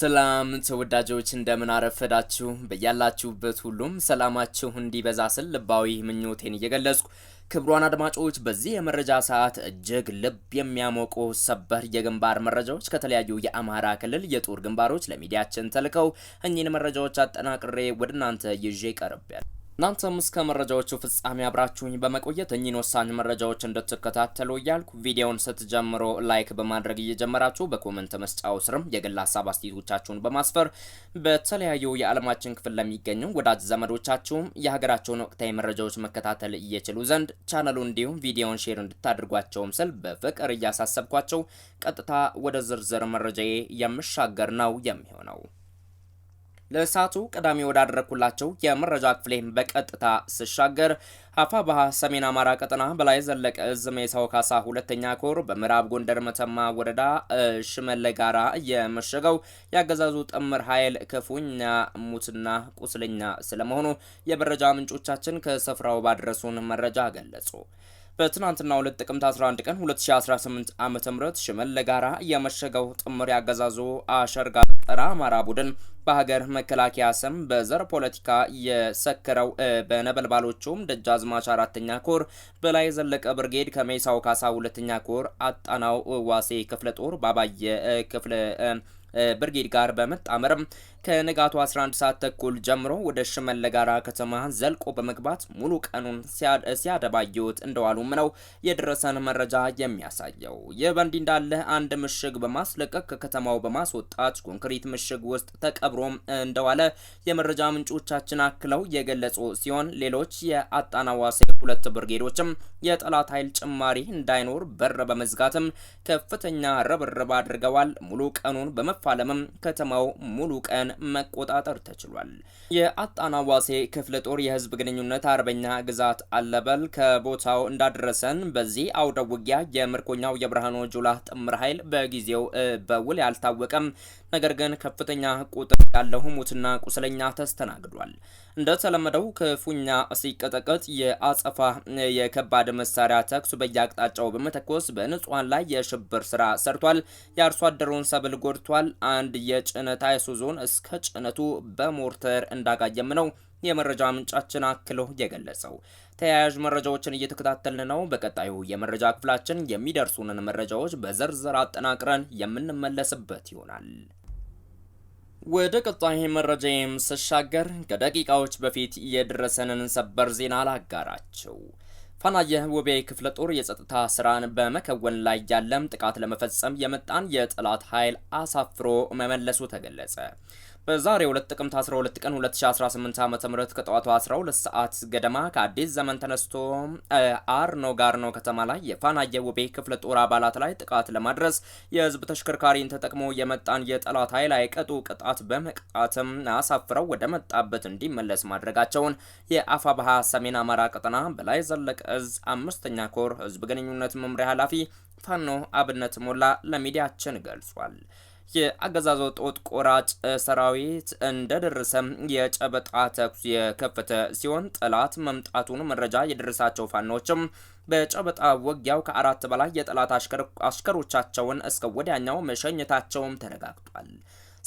ሰላም ተወዳጆች እንደምን አረፈዳችሁ። በያላችሁበት ሁሉም ሰላማችሁ እንዲበዛ ስል ልባዊ ምኞቴን እየገለጽኩ ክቡራን አድማጮች በዚህ የመረጃ ሰዓት እጅግ ልብ የሚያሞቁ ሰበር የግንባር መረጃዎች ከተለያዩ የአማራ ክልል የጦር ግንባሮች ለሚዲያችን ተልከው እኚህን መረጃዎች አጠናቅሬ ወደ እናንተ ይዤ ቀርቤያለሁ። እናንተም እስከ መረጃዎቹ ፍጻሜ አብራችሁኝ በመቆየት እኚህን ወሳኝ መረጃዎች እንድትከታተሉ እያልኩ ቪዲዮውን ስትጀምሮ ላይክ በማድረግ እየጀመራችሁ በኮመንት መስጫው ስርም የግል ሀሳብ አስተያየቶቻችሁን በማስፈር በተለያዩ የዓለማችን ክፍል ለሚገኙ ወዳጅ ዘመዶቻችሁም የሀገራቸውን ወቅታዊ መረጃዎች መከታተል እየችሉ ዘንድ ቻነሉ እንዲሁም ቪዲዮውን ሼር እንድታደርጓቸውም ስል በፍቅር እያሳሰብኳቸው ቀጥታ ወደ ዝርዝር መረጃዬ የምሻገር ነው የሚሆነው። ለሳቱ ቀዳሚ ወዳደረግኩላቸው የመረጃ ክፍሌም በቀጥታ ስሻገር አፋ ባህ ሰሜን አማራ ቀጠና በላይ ዘለቀ እዝ ሜሳው ካሳ ሁለተኛ ኮር በምዕራብ ጎንደር መተማ ወረዳ ሽመለ ጋራ የመሸገው ያገዛዙ ጥምር ኃይል ክፉኛ ሙትና ቁስለኛ ስለመሆኑ የመረጃ ምንጮቻችን ከስፍራው ባድረሱን መረጃ ገለጹ። በትናንትና ሁለት ጥቅምት 11 ቀን 2018 ዓ ም ሽመል ለጋራ የመሸገው ጥምር ያገዛዙ አሸርጋ ጠራ አማራ ቡድን በሀገር መከላከያ ስም በዘር ፖለቲካ የሰከረው በነበልባሎቹም ደጃዝማች አራተኛ ኮር በላይ ዘለቀ ብርጌድ ከሜሳው ካሳ ሁለተኛ ኮር አጣናው ዋሴ ክፍለ ጦር ባባየ ክፍለ ብርጌድ ጋር በመጣመርም ከንጋቱ 11 ሰዓት ተኩል ጀምሮ ወደ ሽመለ ጋራ ከተማ ዘልቆ በመግባት ሙሉ ቀኑን ሲያደባየውት እንደዋሉም ነው የደረሰን መረጃ የሚያሳየው። ይህ በእንዲህ እንዳለ አንድ ምሽግ በማስለቀቅ ከከተማው በማስወጣት ኮንክሪት ምሽግ ውስጥ ተቀብሮ እንደዋለ የመረጃ ምንጮቻችን አክለው የገለጹ ሲሆን ሌሎች የአጣናዋሴ ሁለት ብርጌዶችም የጠላት ኃይል ጭማሪ እንዳይኖር በር በመዝጋትም ከፍተኛ ርብርብ አድርገዋል። ሙሉ ቀኑን በመ ማፋለምም ከተማው ሙሉ ቀን መቆጣጠር ተችሏል። የአጣናዋሴ ክፍለ ጦር የህዝብ ግንኙነት አርበኛ ግዛት አለበል ከቦታው እንዳደረሰን በዚህ አውደ ውጊያ የምርኮኛው የብርሃኑ ጁላ ጥምር ኃይል በጊዜው በውል ያልታወቀም ነገር ግን ከፍተኛ ቁጥር ያለው ሙትና ቁስለኛ ተስተናግዷል። እንደተለመደው ክፉኛ ሲቀጠቀጥ የአጸፋ የከባድ መሳሪያ ተኩስ በየአቅጣጫው በመተኮስ በንጹሐን ላይ የሽብር ስራ ሰርቷል። የአርሶ አደሩን ሰብል ጎድቷል። አንድ የጭነት አይሱዞን እስከ ጭነቱ በሞርተር እንዳጋየም ነው የመረጃ ምንጫችን አክሎ የገለጸው። ተያያዥ መረጃዎችን እየተከታተልን ነው። በቀጣዩ የመረጃ ክፍላችን የሚደርሱንን መረጃዎች በዝርዝር አጠናቅረን የምንመለስበት ይሆናል። ወደ ቀጣይ መረጃ ስሻገር ከደቂቃዎች በፊት የደረሰንን ሰበር ዜና ላጋራቸው። ፋናየ ውቤ ክፍለ ጦር የጸጥታ ስራን በመከወን ላይ ያለም ጥቃት ለመፈጸም የመጣን የጠላት ኃይል አሳፍሮ መመለሱ ተገለጸ። በዛሬ ሁለት ጥቅምት 12 ቀን 2018 ዓ ም ከጠዋቱ 12 ሰዓት ገደማ ከአዲስ ዘመን ተነስቶ አርኖ ጋርኖ ከተማ ላይ የፋና የውቤ ክፍለ ጦር አባላት ላይ ጥቃት ለማድረስ የህዝብ ተሽከርካሪን ተጠቅሞ የመጣን የጠላት ኃይል አይቀጡ ቅጣት በመቅጣትም አሳፍረው ወደ መጣበት እንዲመለስ ማድረጋቸውን የአፋባሃ ሰሜን አማራ ቀጠና በላይ ዘለቀ እዝ አምስተኛ ኮር ህዝብ ግንኙነት መምሪያ ኃላፊ ፋኖ አብነት ሞላ ለሚዲያችን ገልጿል። የአገዛዙ ጦጥ ቆራጭ ሰራዊት እንደደረሰ የጨበጣ ተኩስ የከፈተ ሲሆን ጠላት መምጣቱን መረጃ የደረሳቸው ፋኖችም በጨበጣ ወጊያው ከአራት በላይ የጠላት አሽከሮቻቸውን እስከ ወዲያኛው መሸኘታቸውም ተረጋግጧል።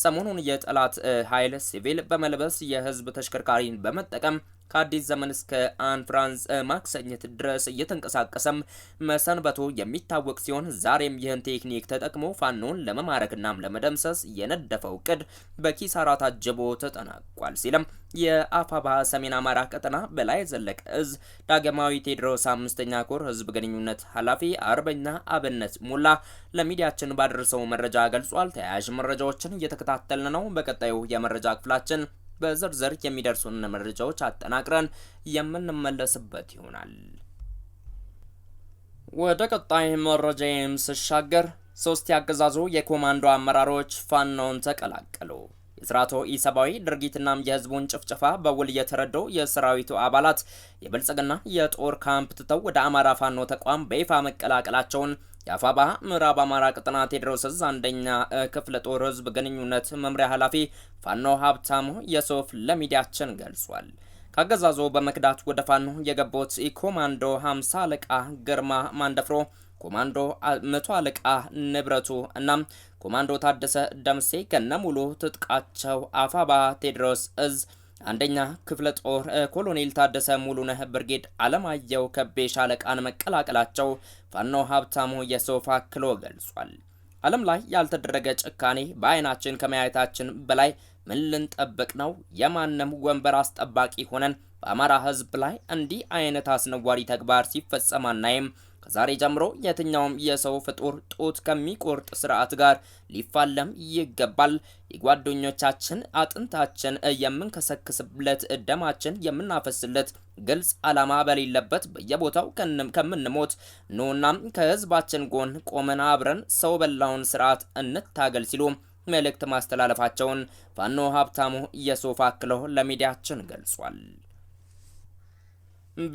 ሰሞኑን የጠላት ኃይል ሲቪል በመልበስ የህዝብ ተሽከርካሪን በመጠቀም ከአዲስ ዘመን እስከ አን ፍራንስ ድረስ እየተንቀሳቀሰም መሰንበቱ የሚታወቅ ሲሆን ዛሬም ይህን ቴክኒክ ተጠቅሞ ፋኖን ለመማረክና ለመደምሰስ የነደፈው እቅድ በኪሳራ ታጅቦ ተጠናቋል ሲልም የአፋባ ሰሜን አማራ ቀጠና በላይ ዘለቀ እዝ ዳግማዊ ቴዎድሮስ አምስተኛ ኮር ህዝብ ግንኙነት ኃላፊ አርበኛ አብነት ሙላ ለሚዲያችን ባደረሰው መረጃ ገልጿል። ተያያዥ መረጃዎችን እየተከታተልን ነው። በቀጣዩ የመረጃ ክፍላችን በዝርዝር የሚደርሱን መረጃዎች አጠናቅረን የምንመለስበት ይሆናል። ወደ ቀጣይ መረጃ ስሻገር ሶስት ያገዛዙ የኮማንዶ አመራሮች ፋኖን ተቀላቀሉ። የስርዓቱ ኢሰብአዊ ድርጊትናም የህዝቡን ጭፍጨፋ በውል የተረዱ የሰራዊቱ አባላት የብልጽግና የጦር ካምፕ ትተው ወደ አማራ ፋኖ ተቋም በይፋ መቀላቀላቸውን የአፋባ ምዕራብ አማራ ቅጥና ቴድሮስ እዝ አንደኛ ክፍለ ጦር ህዝብ ግንኙነት መምሪያ ኃላፊ ፋኖ ሀብታሙ የሶፍ ለሚዲያችን ገልጿል። ከአገዛዞ በመክዳት ወደ ፋኖ የገቡት ኮማንዶ 50 አለቃ ግርማ ማንደፍሮ፣ ኮማንዶ መቶ አለቃ ንብረቱ እናም ኮማንዶ ታደሰ ደምሴ ከነሙሉ ትጥቃቸው አፋባ ቴድሮስ እዝ አንደኛ ክፍለ ጦር ኮሎኔል ታደሰ ሙሉነህ ብርጌድ አለማየሁ ከቤ ሻለቃን መቀላቀላቸው ፋኖ ሀብታሙ የሶፋ ክሎ ገልጿል። ዓለም ላይ ያልተደረገ ጭካኔ በአይናችን ከማየታችን በላይ ምን ልንጠብቅ ነው? የማንም ወንበር አስጠባቂ ሆነን በአማራ ህዝብ ላይ እንዲህ አይነት አስነዋሪ ተግባር ሲፈጸም አናይም። ከዛሬ ጀምሮ የትኛውም የሰው ፍጡር ጡት ከሚቆርጥ ስርዓት ጋር ሊፋለም ይገባል። የጓደኞቻችን አጥንታችን የምንከሰክስለት፣ ደማችን የምናፈስለት ግልጽ ዓላማ በሌለበት በየቦታው ከምንሞት ኖናም ከህዝባችን ጎን ቆመን አብረን ሰው በላውን ስርዓት እንታገል ሲሉ መልእክት ማስተላለፋቸውን ፋኖ ሀብታሙ የሶፋ አክለው ለሚዲያችን ገልጿል።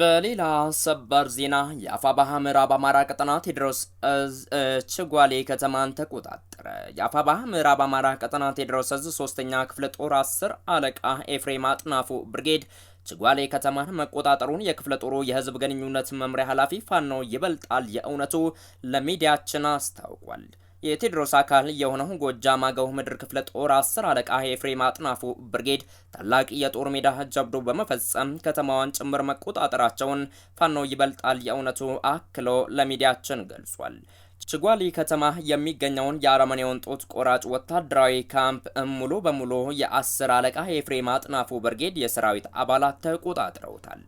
በሌላ ሰበር ዜና የአፋባሃ ምዕራብ አማራ ቀጠና ቴድሮስ እዝ ችጓሌ ከተማን ተቆጣጠረ። የአፋባሃ ምዕራብ አማራ ቀጠና ቴድሮስ እዝ ሶስተኛ ክፍለ ጦር አስር አለቃ ኤፍሬም አጥናፉ ብርጌድ ችጓሌ ከተማን መቆጣጠሩን የክፍለ ጦሩ የህዝብ ግንኙነት መምሪያ ኃላፊ ፋኖ ይበልጣል የእውነቱ ለሚዲያችን አስታውቋል። የቴዎድሮስ አካል የሆነው ጎጃም አገው ምድር ክፍለ ጦር አስር አለቃ የፍሬ አጥናፉ ብርጌድ ታላቅ የጦር ሜዳ ጀብዶ በመፈጸም ከተማዋን ጭምር መቆጣጠራቸውን ፋኖ ይበልጣል የእውነቱ አክሎ ለሚዲያችን ገልጿል። ችጓሊ ከተማ የሚገኘውን የአረመኔውን ጦት ቆራጭ ወታደራዊ ካምፕ ሙሉ በሙሉ የአስር አለቃ የፍሬም አጥናፉ ብርጌድ የሰራዊት አባላት ተቆጣጥረውታል።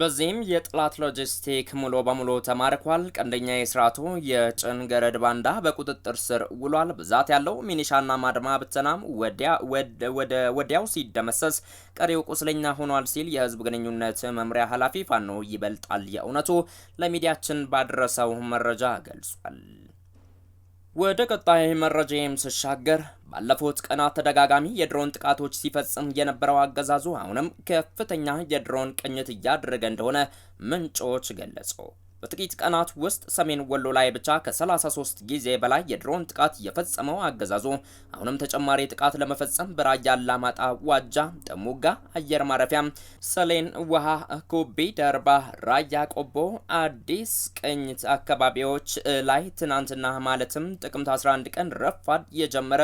በዚህም የጠላት ሎጂስቲክ ሙሉ በሙሉ ተማርኳል። ቀንደኛ የስርዓቱ የጭንገረድ ባንዳ በቁጥጥር ስር ውሏል። ብዛት ያለው ሚኒሻና ማድማ ብተናም ወዲያው ሲደመሰስ፣ ቀሪው ቁስለኛ ሆኗል ሲል የህዝብ ግንኙነት መምሪያ ኃላፊ ፋኖ ይበልጣል የእውነቱ ለሚዲያችን ባደረሰው መረጃ ገልጿል። ወደ ቀጣይ መረጃም ስሻገር ባለፉት ቀናት ተደጋጋሚ የድሮን ጥቃቶች ሲፈጽም የነበረው አገዛዙ አሁንም ከፍተኛ የድሮን ቅኝት እያደረገ እንደሆነ ምንጮች ገለጹ። በጥቂት ቀናት ውስጥ ሰሜን ወሎ ላይ ብቻ ከ33 ጊዜ በላይ የድሮን ጥቃት የፈጸመው አገዛዙ አሁንም ተጨማሪ ጥቃት ለመፈጸም በራያ አላማጣ፣ ዋጃ፣ ጥሙጋ አየር ማረፊያ፣ ሰሌን፣ ውሃ፣ ኩቢ፣ ደርባ፣ ራያ ቆቦ፣ አዲስ ቅኝት አካባቢዎች ላይ ትናንትና ማለትም ጥቅምት 11 ቀን ረፋድ የጀመረ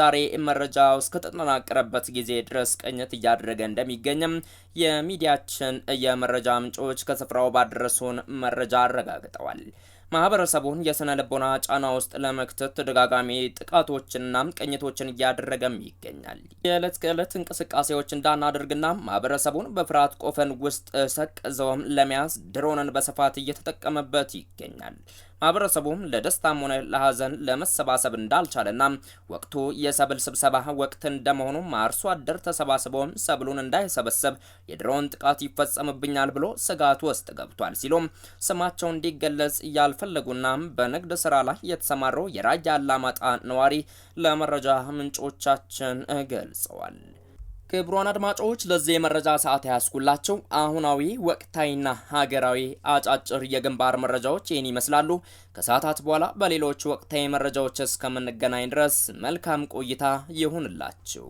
ዛሬ መረጃ እስከተጠናቀረበት ጊዜ ድረስ ቅኝት እያደረገ እንደሚገኝም የሚዲያችን የመረጃ ምንጮች ከስፍራው ባደረሱን መረጃ አረጋግጠዋል። ማህበረሰቡን የስነ ልቦና ጫና ውስጥ ለመክተት ተደጋጋሚ ጥቃቶችና ቅኝቶችን እያደረገም ይገኛል። የዕለት ከዕለት እንቅስቃሴዎች እንዳናደርግና ማህበረሰቡን በፍርሃት ቆፈን ውስጥ ሰቅዘውም ለመያዝ ድሮንን በስፋት እየተጠቀመበት ይገኛል። ማህበረሰቡም ለደስታም ሆነ ለሀዘን ለመሰባሰብ እንዳልቻለና ወቅቱ የሰብል ስብሰባ ወቅት እንደመሆኑ አርሶ አደር ተሰባስቦ ሰብሉን እንዳይሰበሰብ የድሮን ጥቃት ይፈጸምብኛል ብሎ ስጋት ውስጥ ገብቷል ሲሉም ስማቸው እንዲገለጽ እያልፈለጉና በንግድ ስራ ላይ የተሰማረው የራያ አላማጣ ነዋሪ ለመረጃ ምንጮቻችን ገልጸዋል። ክቡራን አድማጮች ለዚህ የመረጃ ሰዓት ያስኩላቸው አሁናዊ ወቅታዊና ሀገራዊ አጫጭር የግንባር መረጃዎች ይህን ይመስላሉ። ከሰዓታት በኋላ በሌሎች ወቅታዊ መረጃዎች እስከምንገናኝ ድረስ መልካም ቆይታ ይሁንላችሁ።